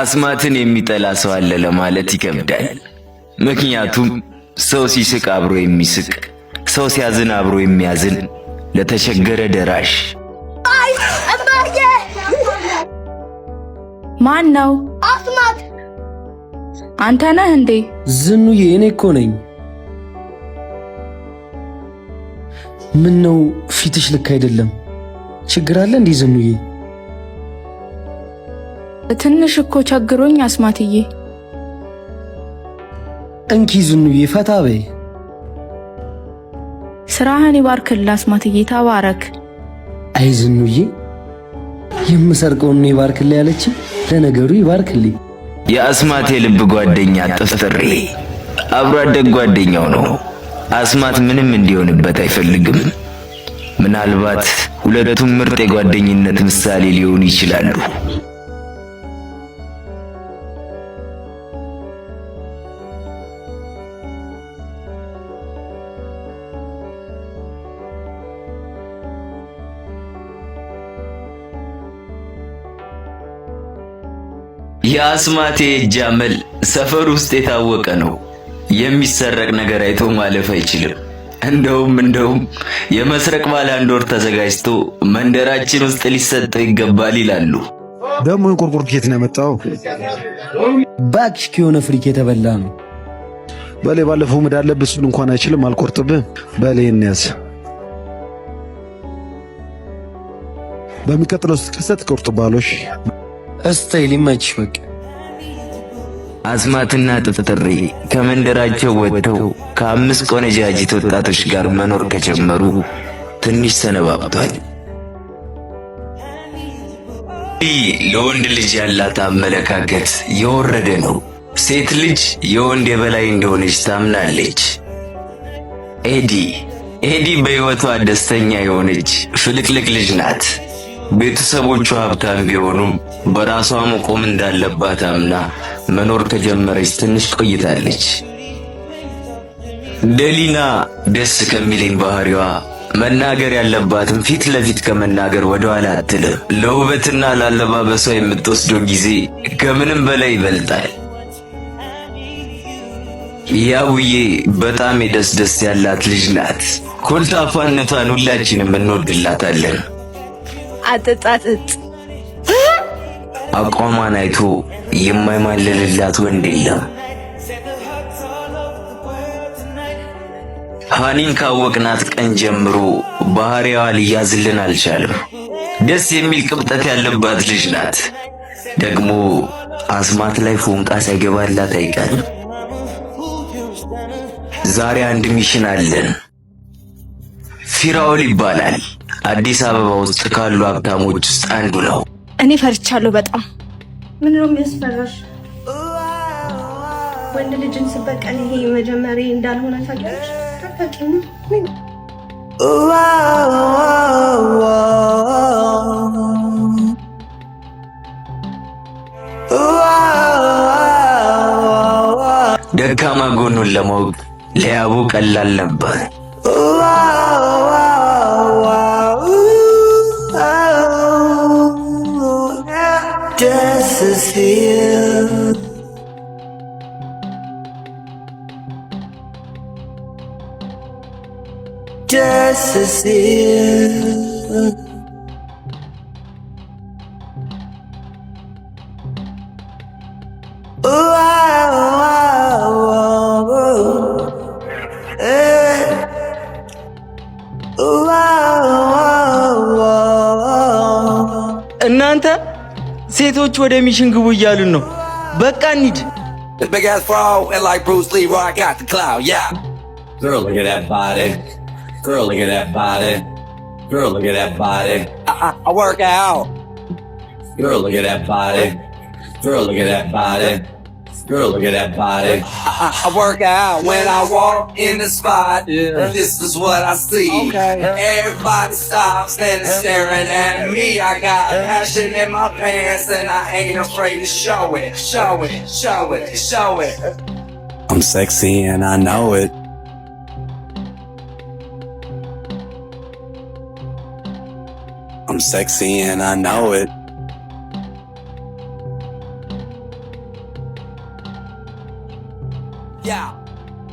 አስማትን የሚጠላ ሰው አለ ለማለት ይከብዳል። ምክንያቱም ሰው ሲስቅ አብሮ የሚስቅ ሰው ሲያዝን አብሮ የሚያዝን ለተቸገረ ደራሽ ማን ነው? አስማት አንተ ነህ እንዴ? ዝኑዬ፣ እኔ እኮ ነኝ። ምን ነው ፊትሽ ልክ አይደለም። ችግር አለ እንዴ ዝኑዬ? ትንሽ እኮ ቸግሮኝ አስማትዬ። እንኪ ዝኑዬ ፈታ በይ። ስራህን ይባርክልህ አስማትዬ። ተባረክ። አይ ዝኑዬ የምሰርቀውን ነው ይባርክልህ ያለች። ለነገሩ ይባርክልኝ። የአስማት የልብ ጓደኛ ጥፍጥሬ አብሮ አደግ ጓደኛው ነው። አስማት ምንም እንዲሆንበት አይፈልግም። ምናልባት ሁለቱም ምርጥ የጓደኝነት ምሳሌ ሊሆኑ ይችላሉ። የአስማቴ ጃመል ሰፈር ውስጥ የታወቀ ነው። የሚሰረቅ ነገር አይቶ ማለፍ አይችልም። እንደውም እንደውም የመስረቅ ባለ አንድ ወር ተዘጋጅቶ መንደራችን ውስጥ ሊሰጠው ይገባል ይላሉ። ደግሞ እንቁርቁር ኬት ነው የመጣው? እባክሽ ከሆነ ፍሪክ የተበላ ነው። በሌ ባለፈው ምድ አለብህ። እሱን እንኳን አይችልም አልቆርጥብህ። በሌ እንያዝ። በሚቀጥለው ስትከሰት ቆርጥባሎሽ እስታይ ሊመችሽ በቃ አስማትና ጥጥጥሪ ከመንደራቸው ወጥተው ከአምስት ቆነጃጅት ወጣቶች ጋር መኖር ከጀመሩ ትንሽ ሰነባብቷል። ለወንድ ልጅ ያላት አመለካከት የወረደ ነው። ሴት ልጅ የወንድ የበላይ እንደሆነች ታምናለች። ኤዲ ኤዲ በሕይወቷ ደስተኛ የሆነች ፍልቅልቅ ልጅ ናት። ቤተሰቦቿ ሀብታም ቢሆኑም በራሷ መቆም እንዳለባት አምና መኖር ከጀመረች ትንሽ ቆይታለች። ደሊና ደስ ከሚለኝ ባህሪዋ መናገር ያለባትም ፊት ለፊት ከመናገር ኋላ አትልም። ለውበትና ላለባበሷ የምትወስደው ጊዜ ከምንም በላይ ይበልጣል። ያውዬ በጣም የደስ ደስ ያላት ልጅ ናት። ኮልታፋነቷን ሁላችንም እንወድላታለን። አጠጣጥጥ አቋሟን አይቶ የማይማልልላት ወንድ የለም። ሃኒን ካወቅናት ቀን ጀምሮ ባህሪዋ ሊያዝልን አልቻለም። ደስ የሚል ቅብጠት ያለባት ልጅ ናት። ደግሞ አስማት ላይ ፎንቃ ሳይገባላት አይቀርም። ዛሬ አንድ ሚሽን አለን። ፊራውል ይባላል። አዲስ አበባ ውስጥ ካሉ ሀብታሞች ውስጥ አንዱ ነው። እኔ ፈርቻለሁ በጣም። ምን ነው የሚያስፈራሽ? ወንድ ልጅን ስበቀል ይሄ መጀመሪ እንዳልሆነ ታውቂያለሽ። ደካማ ጎኑን ለማወቅ ለያቡ ቀላል ነበር። to feel. Just to you. The big ass and like Bruce Lee, rock Yeah, girl, Girl, look look at at that that body. body. Girl, look at that body. Uh-uh, I work out. Girl, look at that body. Girl, look at that body. Girl, look at that body. I, I, work out when I walk in the spot. Yeah. This is what I see. Okay. Everybody stops and staring at me. I got passion in my pants and I ain't afraid to show it, show it, show it, show it. I'm sexy and I know it. I'm sexy and I know it.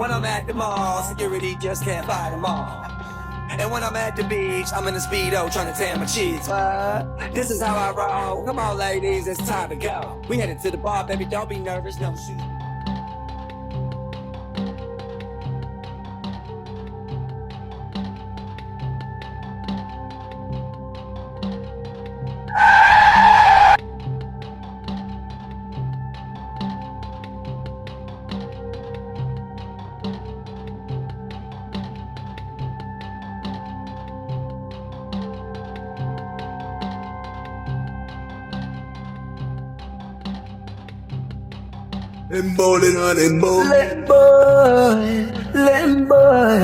When I'm at the mall, security just can't buy them all. And when I'm at the beach, I'm in a speedo trying to tan my cheeks. This is how I roll. Come on, ladies, it's time to go. We headed to the bar, baby. Don't be nervous, no shoes. Embolin on embol. Lemboy,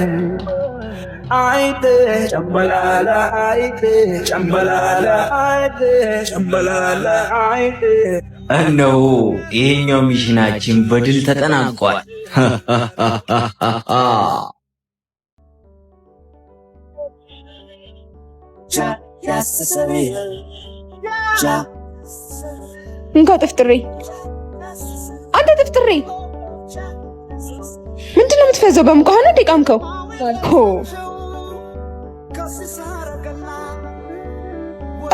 Aite, Chambalala, Aite, Chambalala, Aite, Chambalala, Aite. እነሆ ይሄኛው ሚሽናችን በድል ተጠናቋል። እንካ ጥፍጥሬ ጥፍጥሬ ምንድን ነው የምትፈዘው? በሙቀ ሆነ ዲቃምከው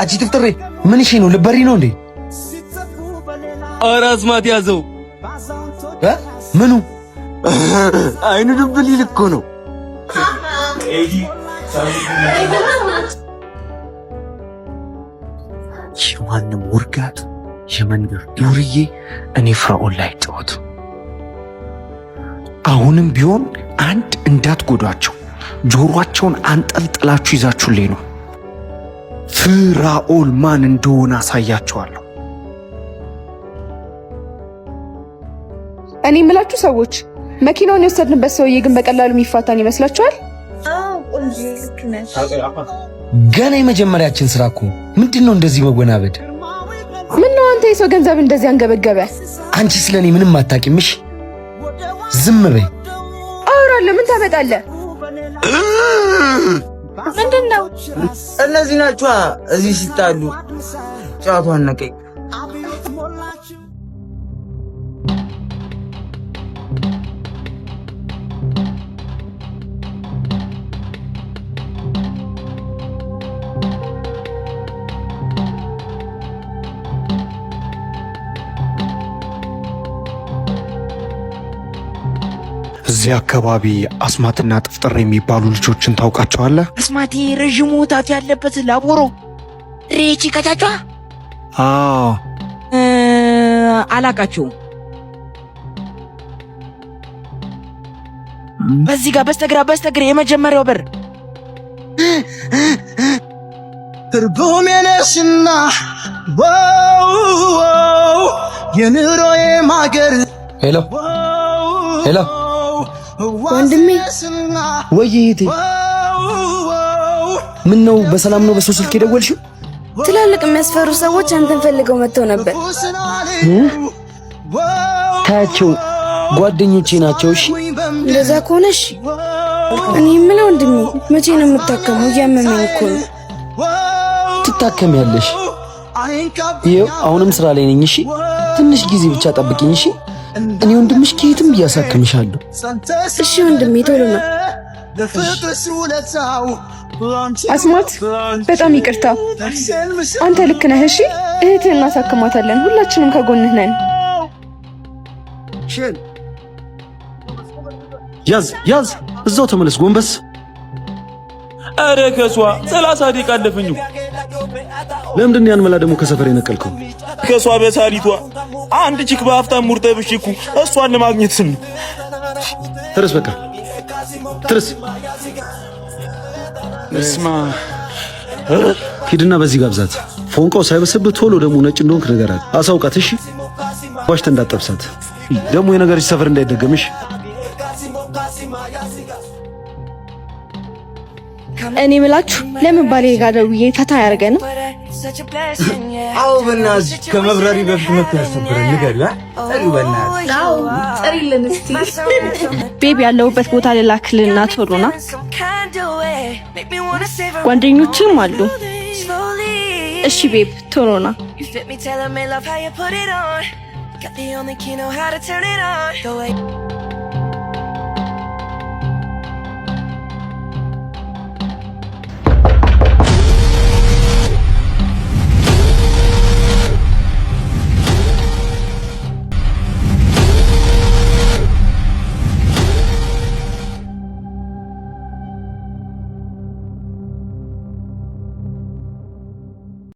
አጂ ጥፍጥሬ ምን እሺ ነው? ልበሪ ነው እንዴ? ኧረ አስማት ያዘው። ምኑ አይኑ ድብል ይልኮ ነው። ማንም ውርጋት የመንገር ዱርዬ እኔ ፍራኦል ላይ ጫወት። አሁንም ቢሆን አንድ እንዳትጎዷቸው፣ ጆሯቸውን አንጠልጥላችሁ ይዛችሁልኝ ነው። ፍራኦል ማን እንደሆነ አሳያችኋለሁ። እኔ የምላችሁ ሰዎች መኪናውን የወሰድንበት ሰውዬ ግን በቀላሉ የሚፋታን ይመስላችኋል? ገና የመጀመሪያችን ስራ እኮ ምንድን ነው እንደዚህ መጎናበድ አንተ ሰው ገንዘብ እንደዚህ አንገበገበ? አንቺ ስለኔ ምንም አታውቂም። እሺ ዝም በይ። አውራለሁ። ምን ታመጣለህ? ምንድን ነው? እነዚህ ናቸዋ እዚህ ሲጣሉ ጫቷን ነቀኝ እዚህ አካባቢ አስማትና ጥፍጥር የሚባሉ ልጆችን ታውቃቸዋለህ? አስማቴ ረዥሙ ታት ያለበት ላቦሮ ሬቺ ከቻቿ። አዎ አላቃቸውም። በዚህ ጋር በስተግራ በስተግራ የመጀመሪያው በር ትርጉም ወው የኑሮዬ ማገር ሄሎ ሄሎ ወንድሜ ወይ እህቴ ምን ነው? በሰላም ነው? በሰው ስልክ የደወልሽው? ትላልቅ የሚያስፈሩ ሰዎች አንተን ፈልገው መጥተው ነበር። ታያቸው ጓደኞቼ ናቸው። እሺ እንደዛ ከሆነ እሺ። እኔ የምለው ወንድሜ መቼ ነው የምታከመው? እያመመኝ እኮ ነው። ትታከሚያለሽ። ይኸው አሁንም ስራ ላይ ነኝ። እሺ ትንሽ ጊዜ ብቻ ጠብቂኝ። እሺ እኔ ወንድምሽ ከየትም እያሳክምሻለሁ። እሺ ወንድሜ ቶሎ ነው። አስማት በጣም ይቅርታ። አንተ ልክ ነህ። እሺ እህትህ እናሳክማታለን። ሁላችንም ከጎንህ ነን። ያዝ ያዝ፣ እዛው ተመለስ ጎንበስ። አረ ከሷ ሰላሳ ደቂቃ አለፈኝ። ለምንድን ያን መላ ደግሞ ከሰፈር የነቀልከው? ከሷ በሳሊቷ አንድ ቺክ በሀብታም ሙርተ ብሽኩ እሷን ለማግኘት ስም ትርስ፣ በቃ ትርስ። እስማ ሂድና በዚህ ጋብዛት። ፎንቃው ሳይበስብህ ቶሎ ደግሞ ነጭ እንደሆንክ ንገራት፣ አሳውቃት። እሺ፣ ዋሽተህ እንዳጠብሳት ደግሞ የነገርሽ ሰፈር እንዳይደገምሽ እኔ ምላችሁ ለምን ባሌ ጋር ደውዬ ፈታ አያደርገንም? አዎ በእናትህ ከመብረሪ በፊት መጥቶ ያስቸግረን ንገሪው። ቤቢ ያለሁበት ቦታ ሌላ ክልልና ቶሎና ጓደኞችም አሉ። እሺ ቤብ ቶሎና